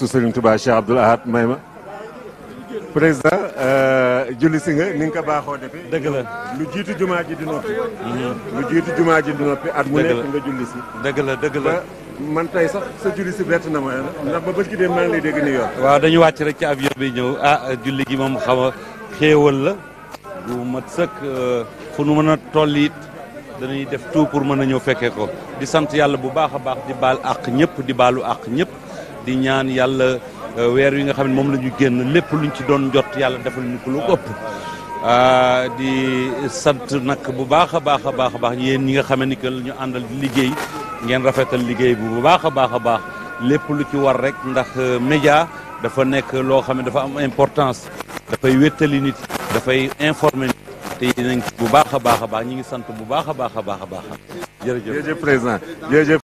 su Serigne Touba Cheikh Abdoul Ahad may ma président euh, julli si nga ni nga ko baaxoo defee. dëgg la lu jiitu jumaa ji di noppi. lu jiitu jumaa ji di noppi at mu nekk nga julli si. dëgg la dëgg la man tey sax sa julli si bett na ma ndax ba bëgg dee maa ngi lay dégg ni yoon. waaw dañu wàcc rek ci avion bi ñëw ah julli gi moom xam a xéewal la. bu mat sëkk euh, fu nu mën a toll it def tout pour mën a ñëw fekkee ko di sant yàlla bu baax a baax di baal àq ñëpp di baalu àq ñëpp. di ñaan yàlla weer wi nga xam ne moom la ñu génn lépp lu ñu ci doon jot yàlla defal ñu ko lu ko ëpp. di sant nag bu baax a baax a baax a baax yéen ñi nga xam ni que ñu àndal liggéey ngeen rafetal liggéey bu baax a baax a baax lépp lu ci war rek ndax média dafa nekk loo xam ne dafa am importance. dafay wéttali dafay informer te yéen a ngi bu baax a baax a baax ñu ngi sant bu baax a baax a baax a baax